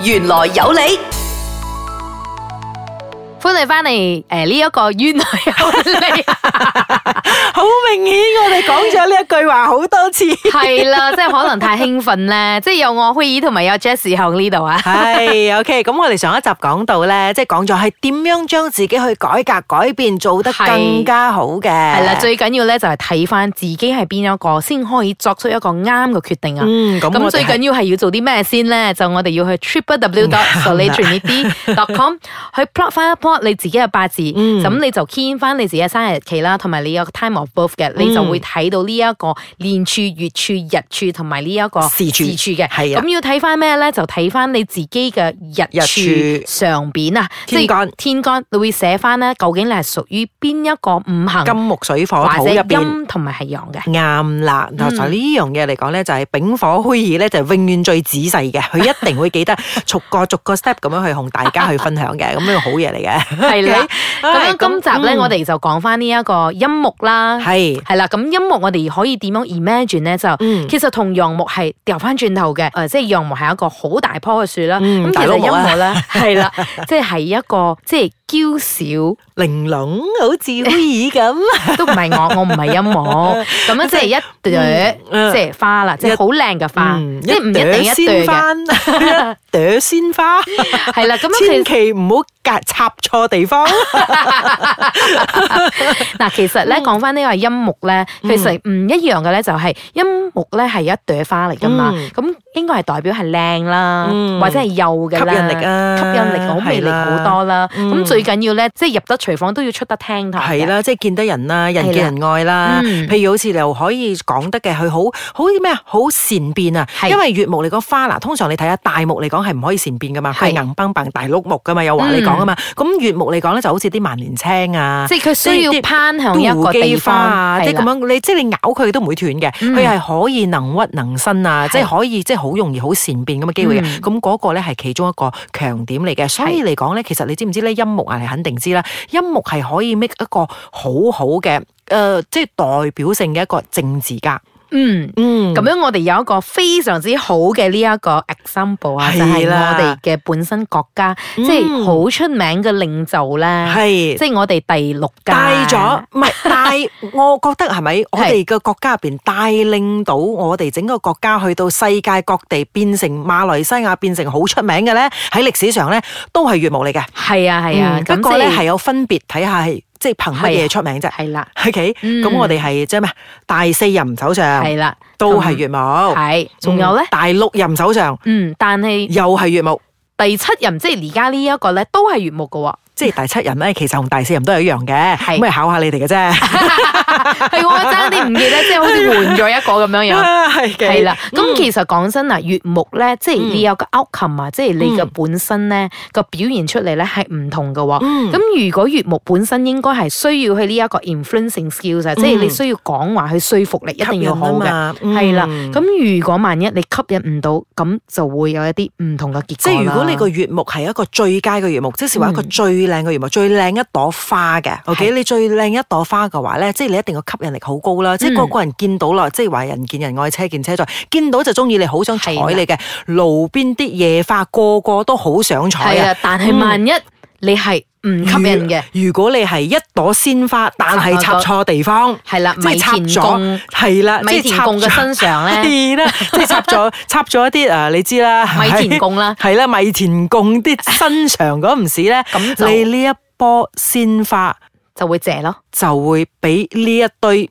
玄來有理。歡迎翻嚟，誒呢一個玄來有理，好明顯我哋講咗呢一句話好多次，係 啦，即係可能太興奮呢， 即係有我 Will 同埋有 Jesse 喺呢度啊。係 OK，咁我哋上一集講到咧，即係講咗係點樣將自己去改革改變，做得更加好嘅。係啦，最緊要咧就係睇翻自己係邊一個先可以作出一個啱嘅決定啊。咁、嗯、最緊要係要做啲咩先咧？就我哋要去 tripw.solidarity.com 去 plot 翻你自己嘅八字，咁你就填翻你自己嘅生日日期啦，同埋你有個 time of birth 嘅，你就會睇到呢一個年柱、月柱、日柱同埋呢一個時柱嘅。係啊，咁要睇翻咩咧？就睇翻你自己嘅日柱上邊啊，即係天干。天干你會寫翻咧，究竟你係屬於邊一個五行？金木水火土陰同埋係陽嘅。啱啦，嗱，呢樣嘢嚟講咧，就係丙火虛擬咧，就永遠最仔細嘅，佢一定會記得逐個逐個 step 咁樣去同大家去分享嘅，咁呢個好嘢嚟嘅。係啦，咁樣今集咧，我哋就講翻呢一個陰木啦，係係啦，咁陰木我哋可以點樣 imagine 咧？就其實同陽木係掉翻轉頭嘅，誒、呃，即係陽木係一個好大棵嘅樹啦，咁、嗯、其實陰木咧，係啦，即係一個即係。嬌小玲瓏，好似花兒咁，都唔係我，我唔係陰木，咁樣即係一朵，即係花啦，即係好靚嘅花，即係唔一定一朵鮮花，係啦，咁樣千祈唔好夾插錯地方。嗱，其實咧，講翻呢個陰木咧，其實唔一樣嘅咧，就係陰木咧係一朵花嚟噶嘛，咁應該係代表係靚啦，或者係幼嘅啦，吸引力啊，吸引力好魅力好多啦，咁最。最緊要咧，即係入得廚房都要出得廳堂。係啦，即係見得人啦，人見人愛啦。譬如好似你可以講得嘅，佢好好咩啊？好善變啊！因為月木嚟講花嗱，通常你睇下大木嚟講係唔可以善變噶嘛，係硬崩崩大碌木噶嘛，有話你講啊嘛。咁月木嚟講呢，就好似啲萬年青啊，即係佢需要攀向一個地方啊，即咁樣你即係你咬佢都唔會斷嘅，佢係可以能屈能伸啊，即係可以即係好容易好善變咁嘅機會。咁嗰個咧係其中一個強點嚟嘅，所以嚟講咧，其實你知唔知咧？陰木話你肯定知啦，音樂係可以 make 一個很好好嘅，誒、呃、即係代表性嘅一個政治家。嗯嗯，咁、嗯、樣我哋有一個非常之好嘅呢一個 example 啊，啦就係我哋嘅本身國家，嗯、即係好出名嘅領袖咧，係是即係我哋第六屆。帶咗，唔係，帶 我覺得係咪我哋嘅國家入邊帶領到我哋整個國家去到世界各地，變成馬來西亞變成好出名嘅咧？喺歷史上咧都係越冇嚟嘅。係啊係啊，啊嗯、是不過咧係有分別睇下。看看即係憑乜嘢出名啫？係啦，OK，咁我哋係即係咩？第四任首相係啦，都係乙木。係、嗯，仲有咧？第六任首相，嗯，但係又係乙木。第七任即係而家呢一個咧，都係乙木㗎噶。即係第七人咧，其實同第四人都係一樣嘅，咁去考下你哋嘅啫。係爭啲唔記得咧，即係好似換咗一個咁樣樣。係嘅，係啦。咁其實講真嗱，月木咧，即係你有個 outcome 啊，即係你嘅本身咧個表現出嚟咧係唔同嘅。咁如果月木本身應該係需要去呢一個 influencing skills，即係你需要講話去說服力一定要好嘅。係啦，咁如果萬一你吸引唔到，咁就會有一啲唔同嘅結果。即係如果你個月木係一個最佳嘅月木，即是話一個最。靚嘅原物，最靚一朵花嘅，OK？是你最靚一朵花嘅話咧，即係你一定要吸引力好高啦，嗯、即係個個人見到啦，即係話人見人愛，車見車載，見到就中意，你好想採你嘅路邊啲野花，個個都好想採啊！但係萬一。嗯你係唔吸引嘅。如果你係一朵鮮花，但係插錯地方，係啦，即係插咗，係啦，即係插喺米田共身上咧，即係插咗插咗一啲啊，你知啦，米田共啦，係啦，米田共啲身上嗰陣時咧，咁你呢一波鮮花就會謝咯，就會俾呢一堆。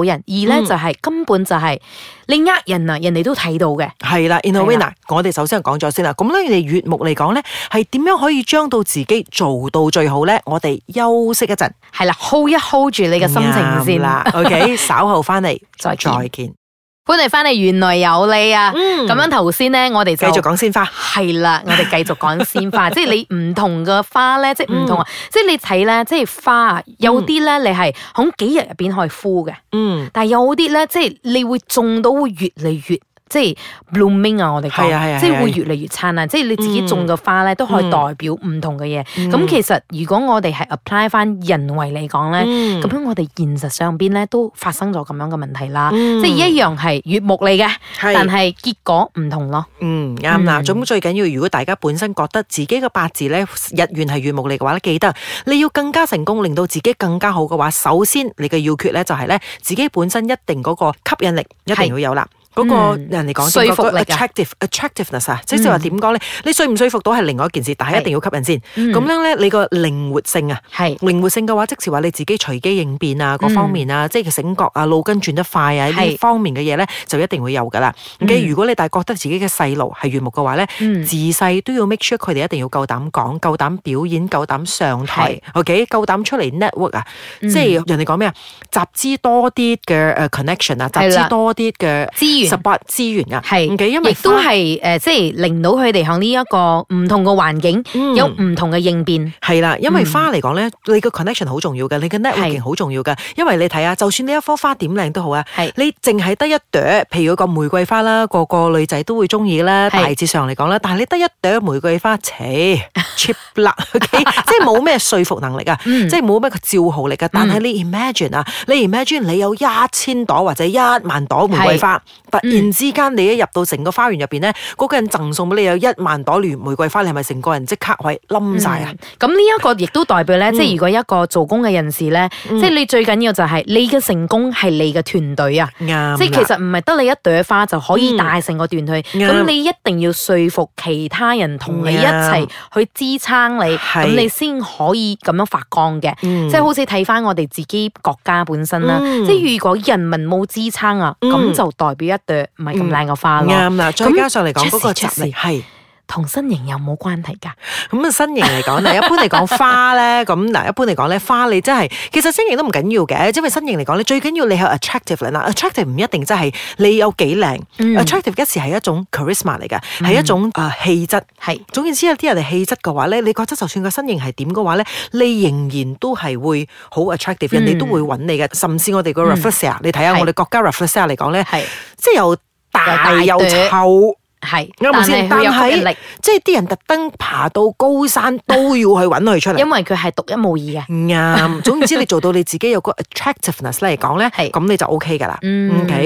好人，二咧就係、是嗯、根本就係、是、你呃人啊，人哋都睇到嘅。係啦，Ina，v n 我哋首先講咗先啦。咁咧，你哋悅目嚟講咧，係點樣可以將到自己做到最好咧？我哋休息一陣，係啦，hold 一 hold 住你嘅心情先啦、嗯嗯。OK，稍後翻嚟再再見。再見歡迎翻嚟，玄來有理啊！咁、嗯、樣頭先呢，我哋繼續講鮮花，係啦，我哋繼續講鮮花，即係你唔同嘅花咧，即係唔同，即係你睇咧，即係花啊，有啲咧你係響幾日入邊可以枯嘅，嗯，但係有啲咧，即係你會種到會越嚟越。即係 blooming 啊！我哋講，即係會越嚟越燦爛。即係你自己種嘅花咧，都可以代表唔同嘅嘢。咁、嗯、其實如果我哋係 apply 翻人為嚟講咧，咁、嗯、我哋現實上邊咧都發生咗咁樣嘅問題啦。嗯、即係一樣係乙木嚟嘅，是但係結果唔同咯。嗯，啱啦。咁、嗯、最緊要，如果大家本身覺得自己嘅八字咧日元係乙木嚟嘅話咧，記得你要更加成功，令到自己更加好嘅話，首先你嘅要訣咧就係咧，自己本身一定嗰個吸引力一定要有啦。嗰個人哋講，説服力 attractiveness 啊，即是話點講咧？你説唔説服到係另外一件事，但係一定要吸引先。咁樣咧，你個靈活性啊，靈活性嘅話，即是話你自己隨機應變啊，各方面啊，即係醒覺啊，腦筋轉得快啊，呢方面嘅嘢咧，就一定會有噶啦。咁如果你但係覺得自己嘅細路係原木嘅話咧，自細都要 make sure 佢哋一定要夠膽講、夠膽表演、夠膽上台。OK，夠膽出嚟 network 啊，即係人哋講咩啊？集資多啲嘅 connection 啊，集資多啲嘅十八資源噶，係亦都係誒，即係令到佢哋向呢一個唔同嘅環境有唔同嘅應變。係啦，因為花嚟講咧，你個 connection 好重要嘅，你個 networking 好重要嘅。因為你睇下，就算你一樖花點靚都好啊，你淨係得一朵，譬如個玫瑰花啦，個個女仔都會中意啦。大致上嚟講啦，但係你得一朵玫瑰花，扯，cheap 啦，即係冇咩説服能力啊，即係冇咩召號力噶。但係你 imagine 啊，你 imagine 你有一千朵或者一萬朵玫瑰花。突然之間，你一入到成個花園入邊咧，嗰、那個人贈送俾你有一萬朵玫瑰花，你係咪成個人即刻可以冧晒啊？咁呢一個亦都代表咧，嗯、即係如果一個做工嘅人士咧，嗯、即係你最緊要就係你嘅成功係你嘅團隊啊。嗯、即係其實唔係得你一朵花就可以帶成個團隊，咁、嗯、你一定要說服其他人同你一齊去支撐你，咁、嗯、你先可以咁樣發光嘅。嗯、即係好似睇翻我哋自己國家本身啦，嗯、即係如果人民冇支撐啊，咁、嗯、就代表一。對，唔係咁靚嘅花咯。啱啦、嗯，再加上嚟講，那嗰個實力係。同身形有冇關係噶？咁啊，身形嚟講，一般嚟講花咧，咁嗱，一般嚟講咧，花你真係，其實身形都唔緊要嘅，因為身形嚟講，你最緊要你係 attractive 啦。attractive 唔一定真係你有幾靚，attractive 一時係一種 charisma 嚟嘅，係一種啊氣質係。總言之，有啲人哋氣質嘅話咧，你覺得就算個身形係點嘅話咧，你仍然都係會好 attractive，人哋都會揾你嘅。甚至我哋個 refresher，你睇下我哋國家 refresher 嚟講咧，係即係又大又臭。係啱先？但係即係啲人特登爬到高山都要去揾佢出嚟，因為佢係獨一無二嘅。啱，總之你做到你自己有個 attractiveness 嚟講咧，咁你就 O K 噶啦。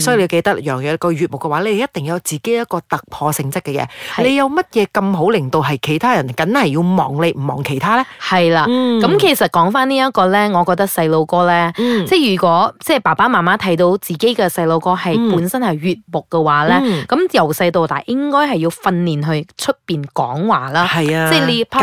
所以你要記得，羊藥個陰木嘅話，你一定要有自己一個突破性質嘅嘢。你有乜嘢咁好，令到係其他人梗係要望你，唔望其他咧？係啦，咁其實講翻呢一個咧，我覺得細路哥咧，即係如果即係爸爸媽媽睇到自己嘅細路哥係本身係陰木嘅話咧，咁由細到大。應該係要訓練去出邊講話啦，即係你交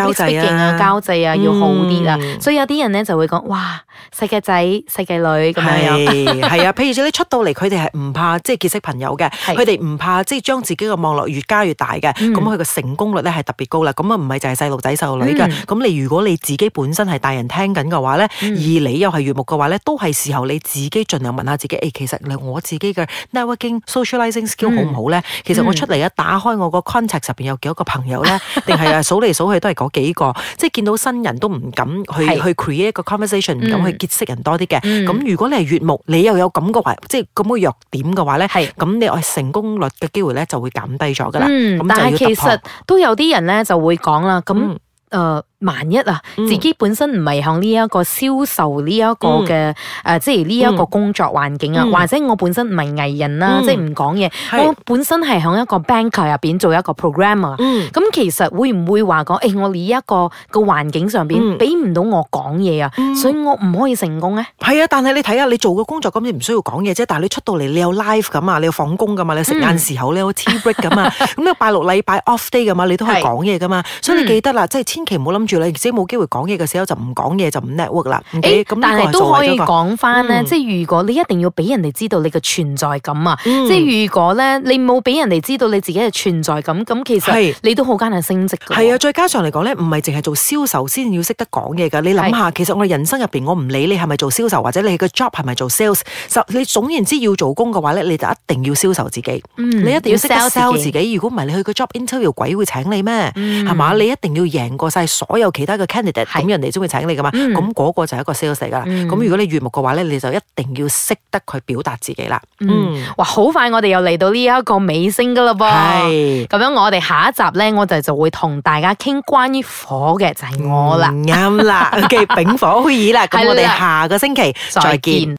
啊、交際啊要好啲啦。所以有啲人咧就會講：哇，世界仔、世界女咁樣又係啊。譬如你出到嚟，佢哋係唔怕即係結識朋友嘅，佢哋唔怕即係將自己嘅網絡越加越大嘅。咁佢個成功率咧係特別高啦。咁啊唔係就係細路仔、細路女㗎。咁你如果你自己本身係大人聽緊嘅話咧，而你又係陰木嘅話咧，都係時候你自己盡量問下自己，誒，其實我自己嘅 networking、socializing skill 好唔好咧？其實我出嚟一打開我個 contact 入面有幾多個朋友咧？定係啊數嚟數去都係嗰幾個， 即係見到新人都唔敢去是去 create 個個 conversation，唔敢去結識人多啲嘅。咁、嗯、如果你係乙木，你又有咁個話，即係咁嘅弱點嘅話咧，咁你我成功率嘅機會咧就會減低咗噶啦。咁、嗯、但係其實都有啲人咧就會講啦，咁。嗯誒萬一啊，自己本身唔係向呢一個銷售呢一個嘅誒，即係呢一個工作環境啊，或者我本身唔係藝人啦，即係唔講嘢。我本身係喺一個 banker 入邊做一個 programmer。咁其實會唔會話講誒？我呢一個個環境上邊俾唔到我講嘢啊，所以我唔可以成功咧？係啊，但係你睇下你做個工作，咁你唔需要講嘢啫。但係你出到嚟，你有 live 咁啊，你有放工噶嘛？你食晏時候你有 tea break 咁啊，咁你拜六禮拜 off day 噶嘛，你都可以講嘢噶嘛。所以你記得啦，即係祈唔好諗住你自己冇機會講嘢嘅時候就唔講嘢，就唔 network 啦。誒，但係都可以講翻咧，即係如果你一定要俾人哋知道你嘅存在感啊，即係如果咧你冇俾人哋知道你自己嘅存在感，咁其實你都好艱難升職嘅。係啊，再加上嚟講咧，唔係淨係做銷售先要識得講嘢噶。你諗下，其實我哋人生入邊，我唔理你係咪做銷售，或者你個 job 係咪做 sales，你總言之要做工嘅話咧，你就一定要銷售自己，你一定要 sell sell 自己。如果唔係，你去個 job interview 鬼會請你咩？係嘛，你一定要贏過。所有其他嘅 candidate，咁是人哋中意請你噶嘛？咁嗰、嗯、個就係一個 sales 嚟噶啦。咁、嗯、如果你乙木嘅話咧，你就一定要識得去表達自己啦。嗯，哇！好快我哋又嚟到呢一個尾聲噶嘞噃。咁是樣我哋下一集咧，我就就會同大家傾關於火嘅，就係、是、我啦，啱啦、嗯、嘅、OK，丙火虛以啦。咁 我哋下個星期再見。再見。